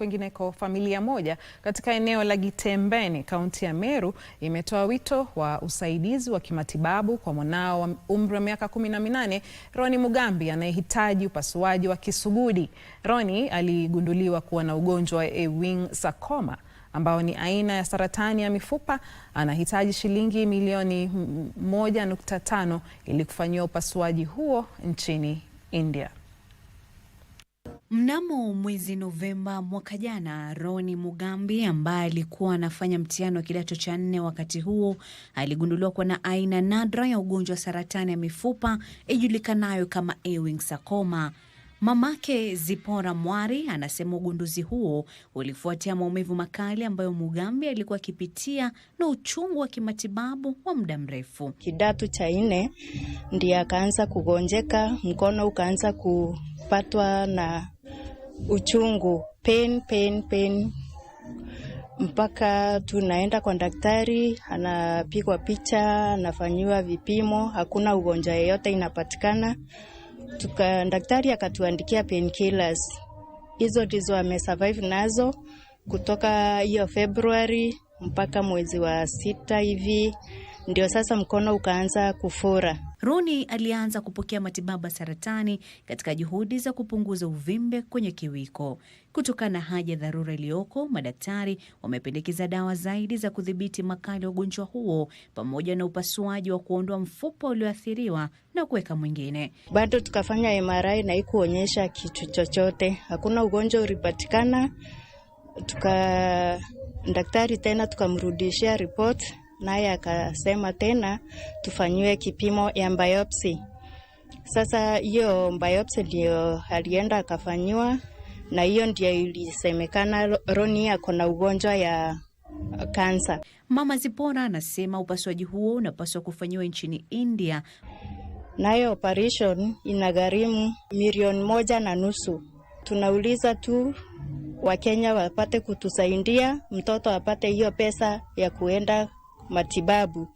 Kwingineko, familia moja katika eneo la Gitembeni kaunti ya Meru imetoa wito wa usaidizi wa kimatibabu kwa mwanao wa umri wa miaka kumi na minane Roni Mugambi anayehitaji upasuaji wa kisugudi. Roni aligunduliwa kuwa na ugonjwa wa Ewing sarcoma ambao ni aina ya saratani ya mifupa. Anahitaji shilingi milioni 1.5 ili kufanyiwa upasuaji huo nchini India. Mnamo mwezi Novemba mwaka jana, roni Mugambi ambaye alikuwa anafanya mtihani wa kidato cha nne wakati huo aligunduliwa kuwa na aina nadra ya ugonjwa wa saratani ya mifupa ijulikanayo kama Ewing sarcoma. Mamake Zipora Mwari anasema ugunduzi huo ulifuatia maumivu makali ambayo Mugambi alikuwa akipitia na uchungu wa kimatibabu wa muda mrefu. Kidato cha nne ndiye akaanza kugonjeka, mkono ukaanza kupatwa na uchungu, pain, pain, pain mpaka tunaenda kwa daktari, anapigwa picha, anafanyiwa vipimo, hakuna ugonjwa yeyote inapatikana. Tuka, daktari akatuandikia painkillers. Hizo ndizo amesurvive nazo kutoka hiyo Februari mpaka mwezi wa sita hivi, ndio sasa mkono ukaanza kufura. Runi alianza kupokea matibabu ya saratani katika juhudi za kupunguza uvimbe kwenye kiwiko. Kutokana na haja dharura iliyoko, madaktari wamependekeza dawa zaidi za kudhibiti makali ya ugonjwa huo pamoja na upasuaji wa kuondoa mfupa ulioathiriwa na kuweka mwingine. Bado tukafanya MRI na ikuonyesha kitu chochote, hakuna ugonjwa ulipatikana. Tuka daktari tena tukamrudishia ripoti naye akasema tena tufanyiwe kipimo ya biopsy. Sasa hiyo biopsy ndio alienda akafanyiwa, na hiyo ndio ilisemekana Roni ako na ugonjwa ya kansa. Mama Zipora anasema upasuaji huo unapaswa kufanyiwa nchini India, nayo operation inagharimu milioni moja na nusu. Tunauliza tu Wakenya wapate kutusaidia, mtoto apate hiyo pesa ya kuenda matibabu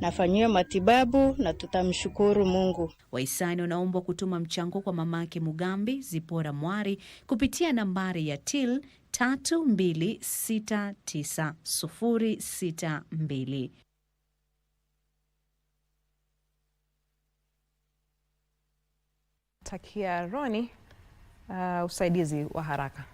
nafanyiwe matibabu na tutamshukuru Mungu. Wahisani wanaombwa kutuma mchango kwa mamake Mugambi Zipora Mwari kupitia nambari ya til 326962 Takia Roni uh, usaidizi wa haraka.